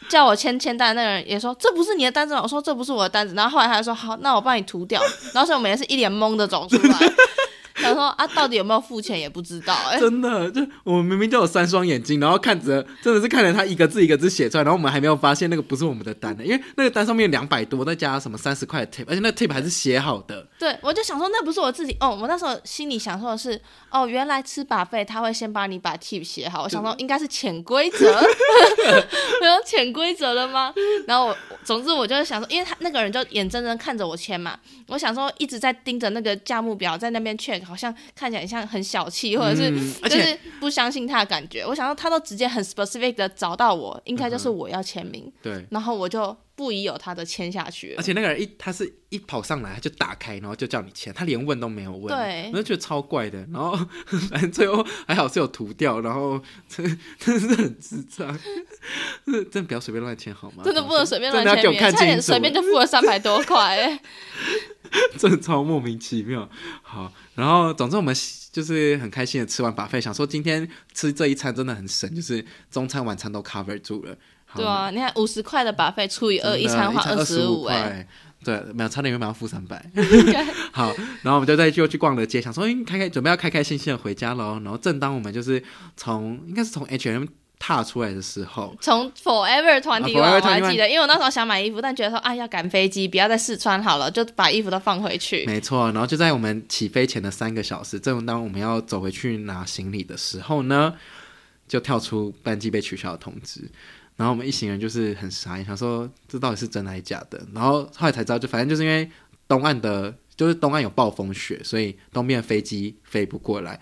叫我簽簽單的那個人也說，這不是你的單子嘛，我說這不是我的單子。然後後來他就說好，那我幫你塗掉。 然後所以我們也是一臉懵的走出來。 想說啊，到底有沒有付錢也不知道，欸、真的就我明明就有三雙眼睛，然後看着真的是看着他一個字一個字寫出來，然後我們還沒有發現那個不是我們的單的，欸，因為那個單上面有兩百多再加什麼三十塊的 tip，而且那個 tip 還是寫好的。對，我就想說那不是我自己哦，我那時候心裡想說的是哦，原來吃 buffet 他會先幫你把 tip 寫好，我想說應該是潛規則，沒有潛規則了嗎？然後我總之我就是想說，因為他那個人就眼睜睜看着我簽嘛，我想說一直在盯着那個價目表在那邊 check 好像看起來像很小氣，或者是就是不相信他的感覺。嗯、我想到他都直接很 specific 的找到我，嗯、應該就是我要簽名。對，然後我就不疑有他的簽下去。而且那個人一他是一跑上來他就打開，然後就叫你簽，他連問都沒有問。對，我就覺得超怪的。然後反正 最後還好是有塗掉，然後真的很智障。 真的不要隨便亂簽好嗎？真的不能隨便亂簽。差點隨便就付了三百多塊、欸。 真的超莫名其妙，好，然後總之我們就是很開心的吃完 buffet，想說今天吃這一餐真的很神，就是中餐晚餐都 cover 住了。對啊，你看五十塊的 buffet 除以二，一餐花二十五哎，欸、 對，沒有差點沒有要付三百。 好，然後我們就再就去逛了街，想說、嗯、開開準備要開開心心的回家嘍。然後正當我們就是從應該是從 H&M。踏出來的時候，從 Forever 21、啊、我還記得，因為我那時候想買衣服，但覺得說，哎、啊，要趕飛機，不要再試穿好了，就把衣服都放回去。沒錯，然後就在我們起飛前的三個小時，正當我們要走回去拿行李的時候呢，就跳出班機被取消的通知，然後我們一行人就是很傻，想說這到底是真還是假的？然後後來才知道，就反正就是因為東岸的，就是東岸有暴風雪，所以東邊飛機飛不過來。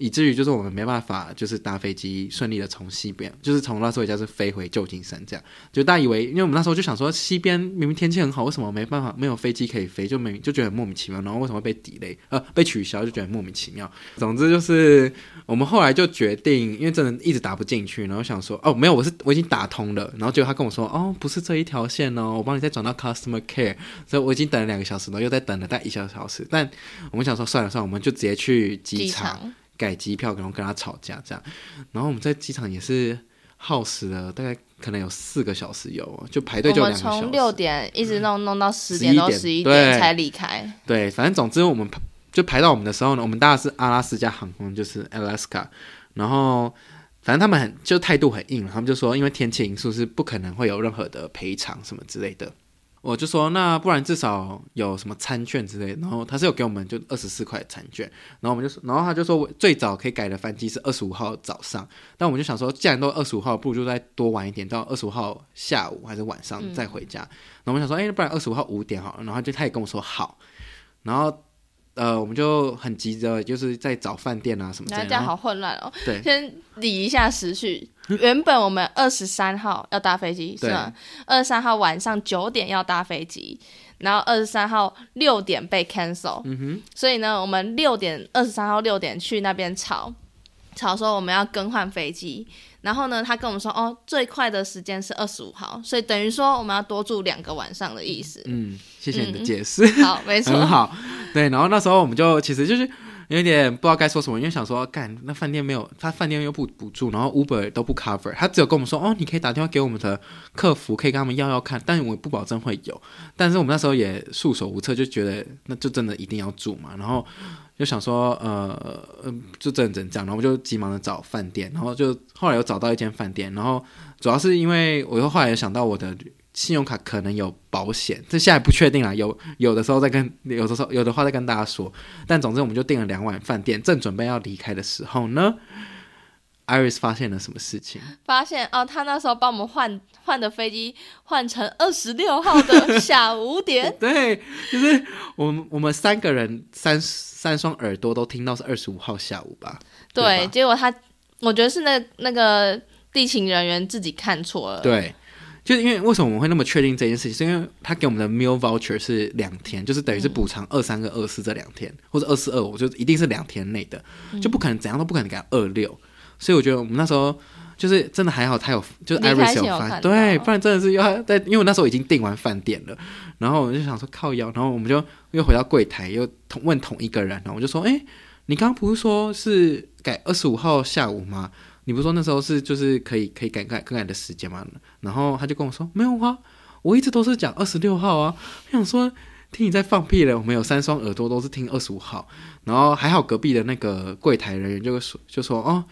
以至於就是我們沒辦法，就是搭飛機順利的從西邊，就是從拉斯維加斯飛回舊金山，這樣，就大家以為，因為我們那時候就想說，西邊明明天氣很好，為什麼沒辦法，沒有飛機可以飛，就沒就覺得很莫名其妙，然後為什麼被 delay、呃？呃被取消，就覺得很莫名其妙。總之就是我們後來就決定，因為真的一直打不進去，然後想說哦沒有，我是我已經打通了，然後結果他跟我說哦不是這一條線哦，我幫你再轉到 customer care，所以我已經等了兩個小時了，然後又再等了大概一小小時，但我們想說算了算了，我們就直接去機場。機場改機票，然後跟他吵架，這樣，然後我們在機場也是耗時了大概可能有四個小時有，就排隊就兩個小時。我們從六點一直弄、嗯、弄到十點，十一點，十一點，到十一點才離開對。對，反正總之我們就排到我們的時候呢，我們大概是阿拉斯加航空，就是 Alaska，然後反正他們很就態度很硬，他們就說，因為天氣因素是不可能會有任何的賠償什麼之類的。我就說，那不然至少有什麼餐券之類，然後他是有給我們就二十四塊餐券，然後我們就，然後他就說，最早可以改的飛機是二十五號早上，但我們就想說，既然都二十五號，不如就再多晚一點，到二十五號下午還是晚上再回家，嗯、然後我們想說，哎、欸，不然二十五號五點好了，然後他就他也跟我說好，然後呃，我們就很急着就是在找飯店啊什麼的這樣，好混亂哦，對，先理一下時序。原本我們二十三號要搭飛機是吧？二十三號晚上九點要搭飛機，然後二十三號六點被 cancel、嗯哼。所以呢，我們六點二十三號六點去那邊吵，吵說我們要更換飛機。然後呢，他跟我們說，哦，最快的時間是二十五號，所以等於說我們要多住兩個晚上的意思。嗯，謝謝你的解釋、嗯。好，沒錯， 很好。對，然後那時候我們就其實就是。有一點不知道該說什麼，因為想說幹，那飯店沒有，他飯店又不補助，然後 Uber 都不 cover，他只有跟我們說哦，你可以打電話給我們的客服，可以跟他們要要看，但我不保證會有。但是我們那時候也束手無策，就覺得那就真的一定要住嘛，然後就想說呃，就真這樣，然後我們就急忙的找飯店，然後就後來又找到一間飯店，然後主要是因為我又後來想到我的。信用卡可能有保險，這現在不確定啦。有有的時候再跟有的時候有的話再跟大家說。但總之我們就訂了兩晚飯店，正準備要離開的時候呢，Iris 發現了什麼事情？發現哦，他那時候幫我們換換的飛機換成二十六號的下午五點。 對，就是我們我們三個人三三雙耳朵都聽到是二十五號下午吧？對，對結果他我覺得是那那個地勤人員自己看錯了。對。就因為為什麼我們會那麼確定這件事情？是因為他給我們的 meal voucher 是兩天，就是等於是補償二三跟二四這兩天，嗯、或者二四二五，就一定是兩天內的、嗯，就不可能怎樣都不可能改二六。所以我覺得我們那時候就是真的還好，他有就是 Iris 有發、哦，對，不然真的是要在，因為我那時候已經訂完飯店了，然後我們就想說靠腰，然後我們就又回到櫃台又同問同一個人，然後我就說，哎、欸，你剛剛不是說是改二十五號下午嗎？你不說那時候是就是可以可以改改更改的時間嗎？然後他就跟我說沒有啊，我一直都是講二十六號啊。沒有，我想說聽你在放屁了，我們有三雙耳朵都是聽二十五號。然後還好隔壁的那個櫃檯人員就會說就說哦，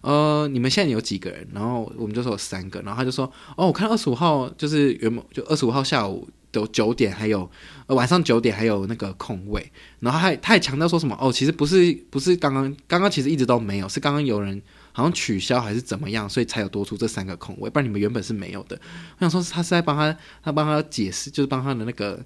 呃，你們現在有幾個人？然後我們就說三個。然後他就說哦，我看二十五號就是原本就二十五號下午有九點還有、呃、晚上九點還有那個空位。然後他還他還強調說什麼哦，其實不是不是剛剛剛剛其實一直都沒有是剛剛有人。好像取消還是怎麼樣，所以才有多出這三個空位，不然你們原本是沒有的。我想說，他是在幫他，他幫他解釋，就是幫他的那個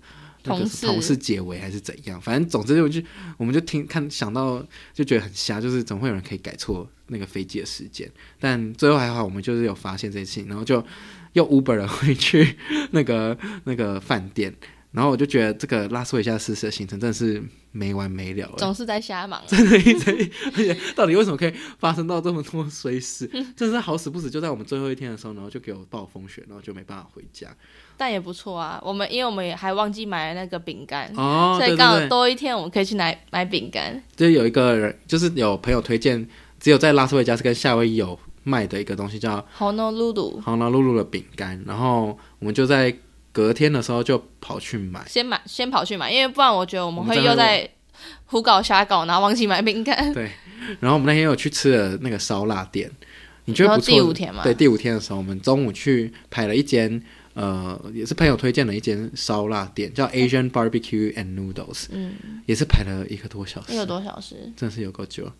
同事，那個，同事解圍，還是怎樣？反正總之我就，我們就我們就聽看，想到就覺得很瞎，就是怎麼會有人可以改錯那個飛機的時間？但最後還好，我們就是有發現這些事情，然後就又 Uber 了回去那個那個飯店。然後我就覺得這個拉斯維加斯的行程真的是沒完沒了了，總是在瞎忙。真的，到底為什麼可以發生到這麼多衰事？ 真是好死不死，就在我們最後一天的時候，然後就給我暴風雪，然後就沒辦法回家。但也不錯啊，我們因為我們也還忘記買了那個餅乾哦對對對，所以剛好多一天我們可以去買買餅乾，哦對對對。就有一個人，就是有朋友推薦，只有在拉斯維加斯跟夏威夷有賣的一個東西叫，叫 Honolulu。Honolulu 的餅乾。然後我們就在。隔天的時候就跑去買，先買先跑去買，因為不然我覺得我們會我們在又在胡搞瞎搞，然後忘記買餅乾。對，然後我們那天又去吃了那個燒臘店，你覺得不錯？對，第五天的時候，我們中午去排了一間，呃，也是朋友推薦的一間燒臘店，叫 Asian Barbecue and Noodles。嗯，也是排了一個多小時，一個多小時，真的是有夠久。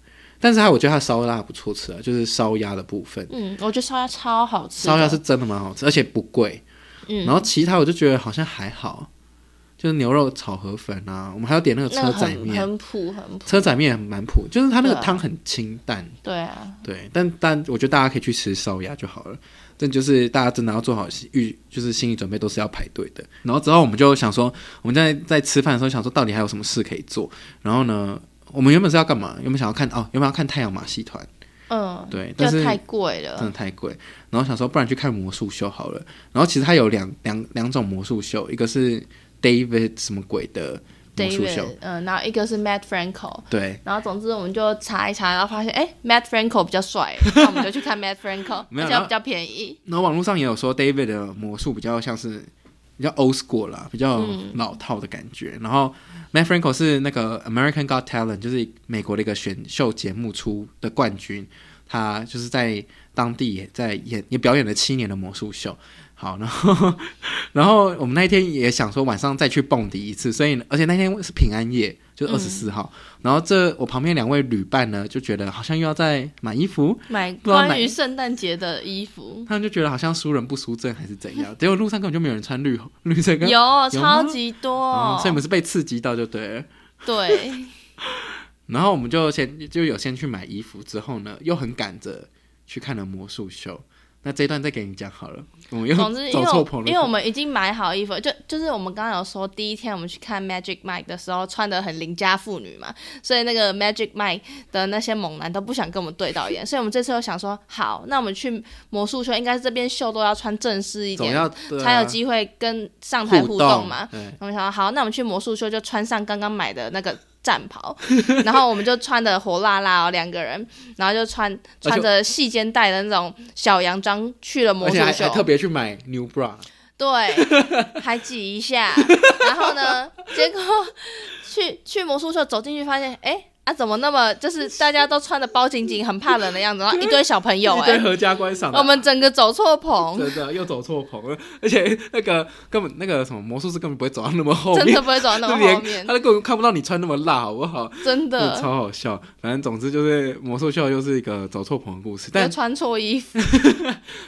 但是他我覺得他燒臘不錯吃啊，就是燒鴨的部分。嗯，我覺得燒鴨超好吃，燒鴨是真的蠻好吃，而且不貴。嗯、然後其他我就覺得好像還好，就是牛肉炒河粉啊，我們還要點那個車仔麵，很，很普很普，車仔麵蠻普，就是它那個湯很清淡。對啊，對，但但我覺得大家可以去吃燒鴨就好了。這就是大家真的要做好心預，就是心理準備都是要排隊的。然後之後我們就想說，我們在在吃飯的時候想說，到底還有什麼事可以做？然後呢，我們原本是要幹嘛？原本想要看哦，原本要看太陽馬戲團。嗯，對，但是太貴了，真的太貴。然後想說，不然去看魔術秀好了。然後其實他有兩兩兩種魔術秀，一個是 David 什麼鬼的魔術秀，David, 嗯，然後一個是 Matt Franco，對。然後總之我們就查一查，然後發現哎 Matt Franco 比較帥，那 我們就去看 Matt Franco， 而且比較便宜。然後，然後網絡上也有說 David 的魔術比較像是。比較 old school 啦，比較老套的感覺。嗯、然後，Matt Franco 是那個 American Got Talent，就是美國的一個選秀節目出的冠軍。他就是在當地也在演，也表演了七年的魔術秀。好，然後，然後我們那一天也想說晚上再去蹦迪一次，所以，而且那天是平安夜，就二十四號，嗯。然後這我旁邊兩位旅伴呢，就覺得好像又要再買衣服，買關於聖誕節的衣服，衣服他們就覺得好像輸人不輸陣還是怎樣。結 果路上根本就沒有人穿綠綠色，有，有超級多，哦嗯，所以我們是被刺激到，就對了，對。 然後我們就先就有先去買衣服，之後呢又很趕着去看了魔術秀。那這一段再給你講好了，我們又，總之，因為綁綁因為我們已經買好衣服，就就是我們剛剛有說，第一天我們去看 Magic Mike 的時候，穿的很鄰家婦女嘛，所以那個 Magic Mike 的那些猛男都不想跟我們對到眼， 所以我們這次又想說，好，那我們去魔術秀，應該是這邊秀都要穿正式一點，才、啊、有機會跟上台互動嘛。我們想說好，那我們去魔術秀就穿上剛剛買的那個。戰袍，然後我們就穿的火辣辣哦， 兩個人，然後就穿穿着細肩帶的那種小洋裝去了魔術秀，特別去買 new bra 對，還擠一下， 然後呢，結果去去魔術秀走進去發現，哎。他、啊、怎麼那麼就是大家都穿的包緊緊，很怕冷的樣子，然後一堆小朋友，一堆合家觀賞。我們整個走錯棚，真的又走錯棚了，而且那個根本那個什麼魔術師根本不會走到那麼後面，真的不會走到那麼後面，他根本看不到你穿那麼辣，好不好？真的超好笑。反正總之就是魔術秀，秀又是一個走錯棚的故事，但穿錯衣服。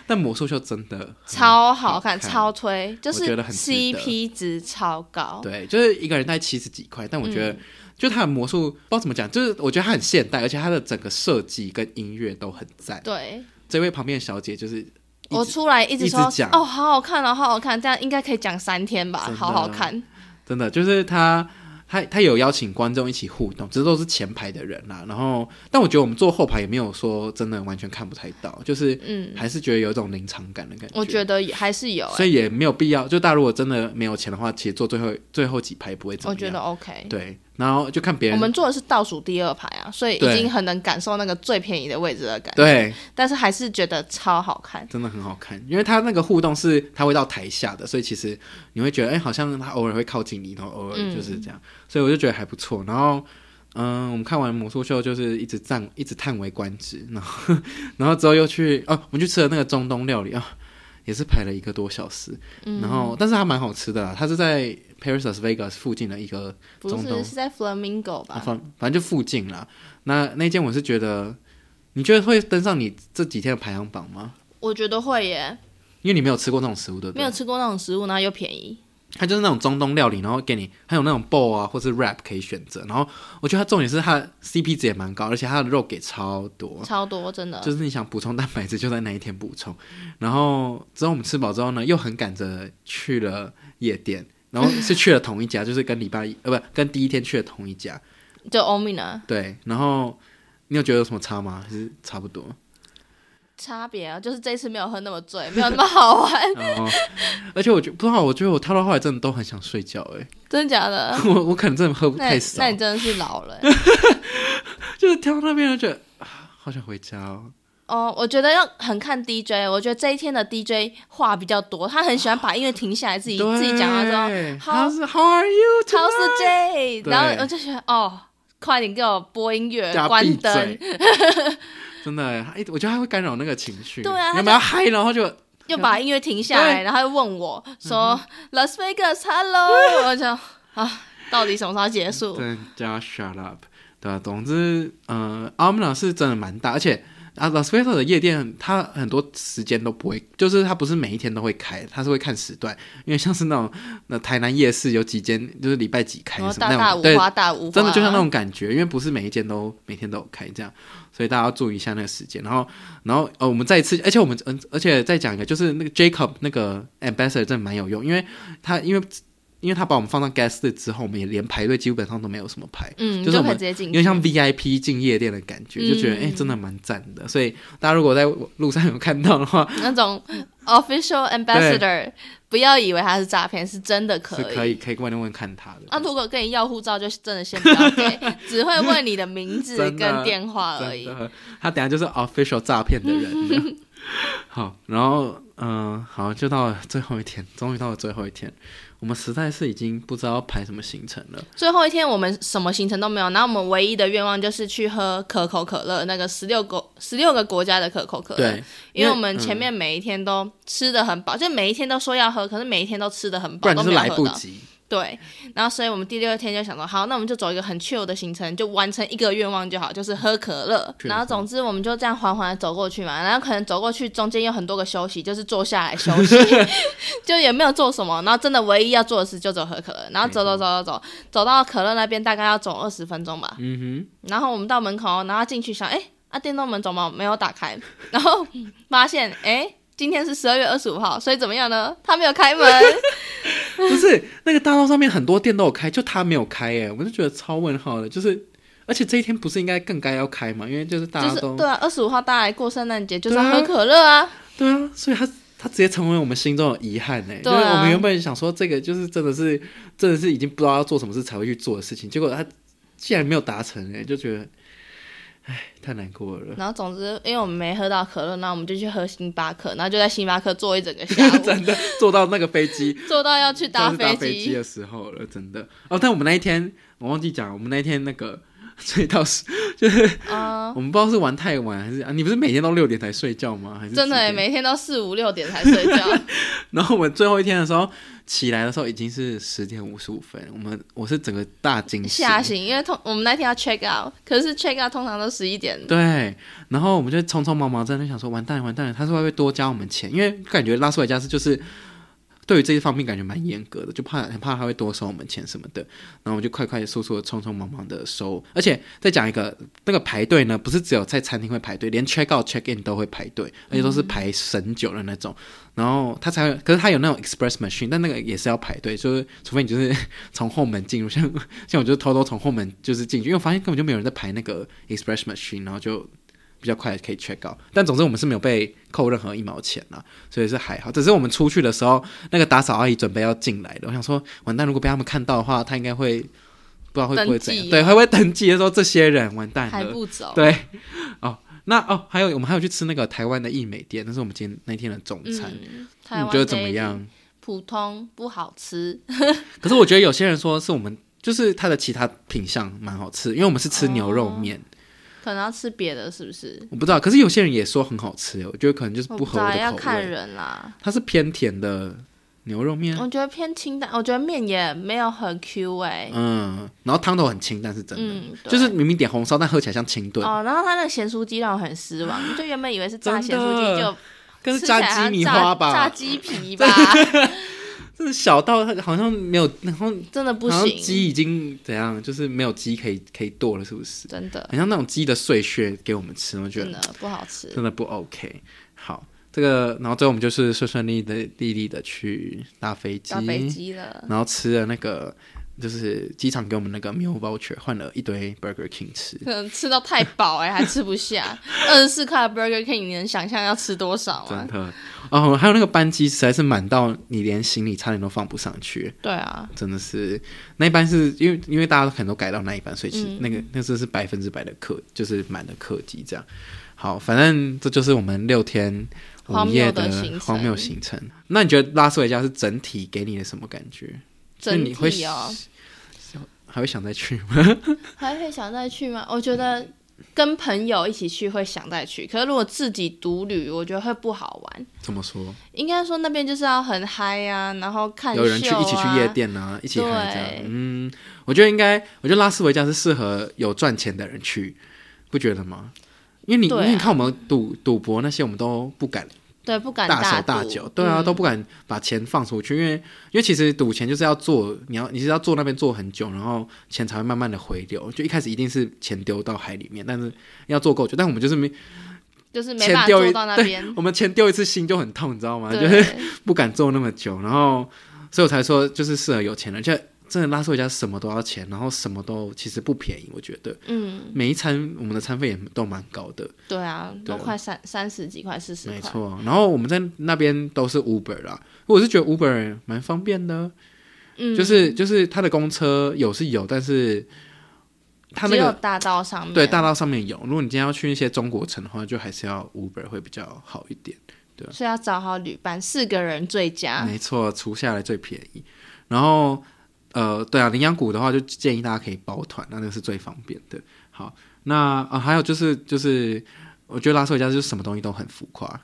但魔術秀真的超好看，超推，就是 CP 值超高。對，就是一個人大概七十幾塊，但我覺得。就他的魔術不知道怎麼講，就是我覺得他很現代，而且他的整個設計跟音樂都很讚。對，這位旁邊的小姐就是我出來一直說一直講哦，好好看哦，好好看，這樣應該可以講三天吧，好好看。真的，就是他他他有邀請觀眾一起互動，只是都是前排的人啦、啊。然後，但我覺得我們坐後排也沒有說真的完全看不太到，就是嗯，還是覺得有一種臨場感的感覺。我覺得也還是有、欸，所以也沒有必要。就大家如果真的沒有錢的話，其實坐最後最後幾排不會怎麼樣。我覺得 OK，對。然後就看別人。我們坐的是倒數第二排啊，所以已經很能感受那個最便宜的位置的感覺。對，但是還是覺得超好看。真的很好看，因為他那個互動是他會到台下的，所以其實你會覺得哎、欸，好像他偶爾會靠近你，然後偶爾就是這樣、嗯。所以我就覺得還不錯。然後，嗯、呃，我們看完魔術秀就是一直讚，一直嘆為觀止。然後， 然後之後又去哦、啊，我們去吃了那個中東料理啊，也是排了一個多小時。嗯、然後，但是它蠻好吃的啦，它是在。Paris or Vegas 附近的一個中東，不是，是在 Flamingo 吧？啊、反反正就附近啦。那那間我是覺得，你覺得會登上你這幾天的排行榜嗎？我覺得會耶，因為你沒有吃過那種食物對，沒有吃過那種食物，然後又便宜。它就是那種中東料理，然後給你還有那種 bowl 啊，或是 wrap 可以選擇。然後我覺得它重點是它 CP 值也蠻高，而且它的肉給超多，超多真的。就是你想補充蛋白質就在那一天補充。然後之後我們吃飽之後呢，又很趕着去了夜店。 然後是去了同一家，就是跟禮拜一呃，不跟第一天去了同一家，就歐米呢。對，然後你有覺得有什麼差嗎？還是差不多？差別啊，就是這次沒有喝那麼醉，沒有那麼好玩。 哦、而且我覺不知道，我覺得我跳到後來真的都很想睡覺，哎，真的假的？ 我我可能真的喝不太少，那，那你真的是老了。 就是跳到那邊就覺得啊，好想回家哦。哦、oh，我覺得要很看 DJ，我覺得這一天的 DJ 話比較多，他很喜歡把音樂停下來自己 自己講他說。How, How's, how are you，超市 J，然後我就覺得哦、oh，快點給我播音樂，關燈。 真的，我覺得他會干擾那個情緒。對啊，你要不要嗨？然後就又把音樂停下來，然後，就又、嗯、然後又問我說、嗯、Las Vegas，Hello， 我就啊，到底什麼時候結束 真的。」shut up，對吧？總之，嗯、呃，阿們老是真的蠻大，而且。啊，Las v e 的夜店，它很多時間都不會，就是它不是每一天都會開，它是會看時段。因為像是那種，那、呃、台南夜市有幾間，就是禮拜幾開什麼那種，哦、大大花對大大花，啊，真的就像那種感覺，因為不是每一間都每天都開這樣，所以大家要注意一下那個時間。然後，然後呃，我們再一次，而且我們嗯、呃，而且再講一個，就是那個 Jacob 那個 Ambassador 真的蠻有用，因為他因為。因為他把我們放到 Guest 之後，我們也連排隊基本上都沒有什麼排，嗯、就是很接近因為像 VIP 進夜店的感覺，嗯、就覺得、欸、真的蠻讚的。所以大家如果在路上有，有看到的話，那種 Official Ambassador 不要以為他是詐騙，是真的可以是可以可以問一問看他的。那、啊、如果跟你要護照，就是真的先不要給， 只會問你的名字跟電話而已。他等一下就是 Official 詐騙的人。 好，然後嗯、呃，好，就到了最後一天，終於到了最後一天。我們實在是已經不知道要排什麼行程了。最後一天我們什麼行程都沒有，然後我們唯一的願望就是去喝可口可樂，那個十六個、十六個國家的可口可樂。對，因為我們前面每一天都吃得很飽、嗯，就每一天都說要喝，可是每一天都吃得很飽，都是來不及，都沒有喝到對，然後所以我們第六天就想說，好，那我們就走一個很 chill 的行程，就完成一個願望就好，就是喝可樂。然後總之我們就這樣緩緩走過去嘛，然後可能走過去中間有很多個休息，就是坐下來休息， 就也沒有做什麼。然後真的唯一要做的事就走喝可樂，然後走走走走走，嗯，走到可樂那邊大概要走二十分鐘吧，嗯。然後我們到門口，然後進去想，哎，啊電動門怎麼沒有打開？然後發現，哎，今天是十二月二十五號，所以怎麼樣呢？他沒有開門。 不 是那個大道上面很多店都有開，就他沒有開誒、欸，我就覺得超問號的。就是，而且這一天不是應該更該要開嗎？因為就是大家都、就是、對啊，二十五號大家過聖誕節就是喝可樂啊，啊，對啊，所以他他直接成為我們心中的遺憾、欸、對、啊，因為、就是、我們原本想說這個就是真的是真的是已經不知道要做什麼事才會去做的事情，結果他既然沒有達成、欸、就覺得。太難過了。然後總之，因為我們沒喝到可樂，那我們就去喝星巴克。然後就在星巴克坐一整個下午， 真的坐到那個飛機， 坐到要去搭飛機的時候了，真的。哦，但我們那一天我忘記講，我們那一天那個。所以倒是，就是，uh, 我們不知道是玩太晚還是、啊、你不是每天都六點才睡覺嗎？還是真的，每天都四五六點才睡覺。 然後我們最後一天的時候起來的時候已經是十點五十五分，我們我是整個大驚嚇醒，因為通我們那天要 check out，可是 check out 通常都十一點。對，然後我們就匆匆忙忙，在那想說完蛋了完蛋了，他說會不會多加我們錢？因為感覺拉斯維加斯就是。對於這些方面感覺蠻嚴格的，就怕很怕他會多收我們錢什麼的，然後我就快快速速、匆匆忙忙的收。而且再講一個，那個排隊呢，不是只有在餐廳會排隊，連 check out、check in 都會排隊，而且都是排很久的那種。嗯。然後他才，可是他有那種 express machine，但那個也是要排隊，就是除非你就是從後門進入，像，像我就偷偷從後門就是進去，因為我發現根本就沒有人在排那個 express machine，然後就。比較快可以 check out，但總之我們是沒有被扣任何一毛錢啊，所以是還好。只是我們出去的時候，那個打掃阿姨準備要進來的，我想說完蛋，如果被他們看到的話，他應該會不知道會不會怎樣，對，還會登記的時候，這些人完蛋了還不走，對，哦，那哦，還有我們還有去吃那個台灣的義美店，那是我們今天那天的中餐，嗯、你覺得怎麼樣？普通不好吃， 可是我覺得有些人說是我們就是它的其他品相蠻好吃，因為我們是吃牛肉麵。哦然後吃別的是不是？我不知道，可是有些人也說很好吃，我覺得可能就是不合我的口味。我不要看人啦、啊。它是偏甜的牛肉麵，我覺得偏清淡。我覺得麵也沒有很 Q 哎、欸，嗯。然後湯頭很清淡，是真的、嗯。就是明明點紅燒，但喝起來像清燉。哦，然後它那個鹹酥雞讓我很失望、啊，就原本以為是炸鹹酥雞，就炸跟炸雞米花吧，炸雞皮吧。 是小到它好像沒有，然後真的不行，雞已經怎樣，就是沒有雞可以可以剁了，是不是？真的，很像那種雞的碎屑給我們吃，我覺得真的不好吃，真的不 OK。好，這個然後最後我們就是順順利利利利的去搭飛機，搭飛機了，然後吃了那個。就是機場給我們那個 meal voucher 換了一堆 Burger King 吃，可能吃到太飽哎、欸， 還吃不下。二十四塊 Burger King，你能想象要吃多少嗎、啊？真的哦，還有那個班機實在是滿到你連行李差點都放不上去。對啊，真的是那一班是因為因為大家都很多改到那一班，所以其實那個、嗯、那個是百分之百的客，就是滿的客機這樣。好，反正這就是我們六天五夜的荒謬行,行程。那你覺得拉斯維加斯整體給你的什麼感覺？整體啊、哦。還會想再去嗎？ 還會想再去嗎？我覺得跟朋友一起去會想再去，嗯、可是如果自己獨旅，我覺得會不好玩。怎麼說？應該說那邊就是要很嗨呀、啊，然後看秀、啊、有人去一起去夜店啊，一起嗨這樣。嗯，我覺得應該，我覺得拉斯維加斯適合有賺錢的人去，不覺得嗎？因為你，啊、因為你看我們賭賭博那些，我們都不敢。對，不敢大，大手大腳，對啊，都不敢把錢放出去，嗯、因為因為其實賭錢就是要做，你要你是要坐那邊坐很久，然後錢才會慢慢的回流。就一開始一定是錢丟到海裡面，但是要做夠久，但我們就是沒，就是錢丟到那邊，我們錢丟一次心就很痛，你知道嗎？就是不敢坐那麼久，然後，所以我才說就是適合有錢人，而且。真的，拉斯維加斯什麼都要錢，然後什麼都其實不便宜，我覺得。嗯。每一餐我們的餐費也都蠻高的。對啊，對都快三三十幾塊、四十塊。沒錯。然後我們在那邊都是 Uber 啦，我是覺得 Uber 蠻方便的。嗯。就是就是他的公車有是有，但是他沒、那個，有大道上面。對，大道上面有。如果你今天要去一些中國城的話，就還是要 Uber 會比較好一點。對。所以要找好旅伴，四個人最佳。嗯、沒錯，除下來最便宜。然後。呃，對啊，羚羊谷的話就建議大家可以包團，那那個是最方便的。好，那啊、呃，還有就是就是，我覺得拉斯維加斯什麼東西都很浮誇。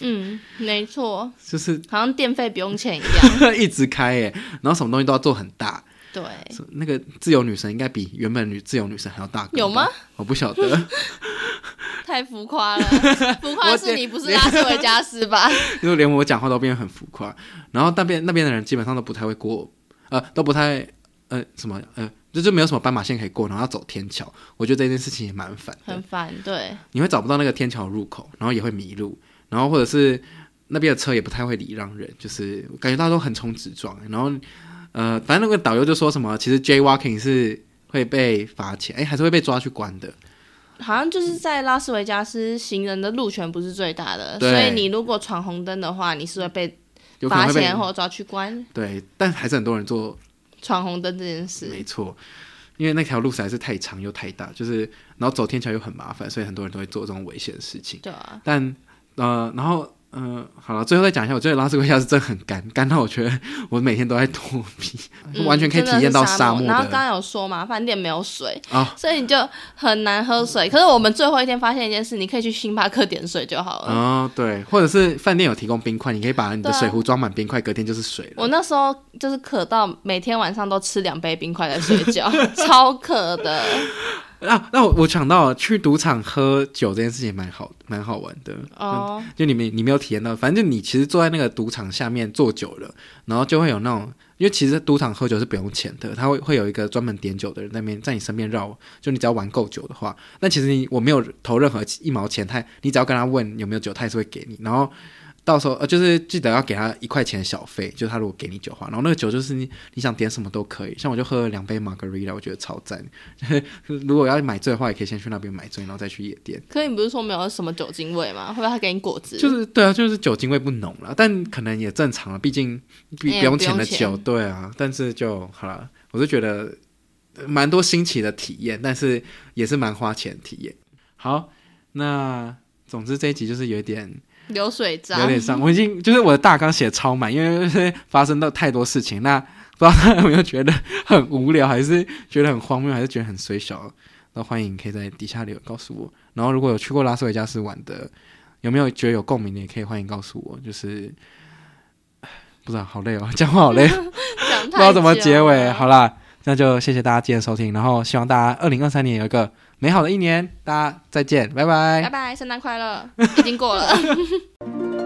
嗯，沒錯，就是好像電費不用錢一樣， 一直開耶，然後什麼東西都要做很大。對，那個自由女神應該比原本女自由女神還要大，有嗎？我不曉得， 太浮誇了， 浮誇是你不是拉斯維加斯吧？因為連， 連我講話都變得很浮誇， 然後那邊那邊的人基本上都不太會過。呃，都不太，呃，什麼，呃，就就沒有什麼斑馬線可以過，然後要走天橋。我覺得這件事情也蠻煩的，很煩，對。你會找不到那個天橋入口，然後也會迷路，然後或者是那邊的車也不太會禮讓人，就是感覺大家都橫衝直撞。然後，呃，反正那個導遊就說什麼，其實 Jaywalking 是會被罰錢，誒、欸，還是會被抓去關的。好像就是在拉斯維加斯，行人的路權不是最大的，所以你如果闖紅燈的話，你是會被。罰錢或抓去關，對，但還是很多人做闖紅燈這件事，沒錯，因為那條路實在是太長又太大，就是，然後走天橋又很麻煩，所以很多人都會做這種危險的事情。對啊，但呃，然後。嗯、呃，好了，最後再講一下，我覺得拉斯維加斯真的很乾，乾到我覺得我每天都在脫皮，完全可以體驗到沙漠、嗯、沙漠。然後剛剛有說嘛，飯店沒有水，哦、所以你就很難喝水。可是我們最後一天發現一件事，你可以去星巴克點水就好了。哦對，或者是飯店有提供冰塊，你可以把你的水壺裝滿冰塊，啊，隔天就是水了。我那時候就是渴到每天晚上都吃兩杯冰塊在睡覺， 超渴的。啊，那我我想到了去賭場喝酒這件事情蠻好，蠻好玩的。哦，oh. 嗯，就你沒你沒有體驗到，反正就你其實坐在那個賭場下面坐久了，然後就會有那種，因為其實賭場喝酒是不用錢的，他會會有一個專門點酒的人在面，在你身邊繞。就你只要玩夠久的話，那其實你我沒有投任何一毛錢，他你只要跟他問有沒有酒，他也是會給你。然後。到時候呃，就是記得要給他一塊錢小費。就是他如果給你酒的話，然後那個酒就是你你想點什麼都可以，像我就喝了兩杯馬格麗塔，我覺得超贊。就是如果要買醉的話，也可以先去那邊買醉，然後再去夜店。可你不是說沒有什麼酒精味嗎？會不會他給你果汁？就是對啊，就是酒精味不濃了，但可能也正常了，畢竟不不用錢的酒。欸，不用錢，對啊。但是就好了，我是覺得蠻多新奇的體驗，但是也是蠻花錢的體驗。好，那總之這一集就是有一點。流水賬，流水賬。我已經就是我的大綱寫超滿，因為發生到太多事情。那不知道大家有沒有覺得很無聊，還是覺得很荒謬，還是覺得很隨小？那歡迎可以在底下留言告訴我。然後如果有去過拉斯維加斯玩的，有沒有覺得有共鳴的，也可以歡迎告訴我。就是不知道好累哦，講話好累， 不知道怎麼結尾。好啦，那就謝謝大家今天收聽。然後希望大家二零二三年有一個。美好的一年，大家再見，拜拜，拜拜，聖誕快樂， 已經過了。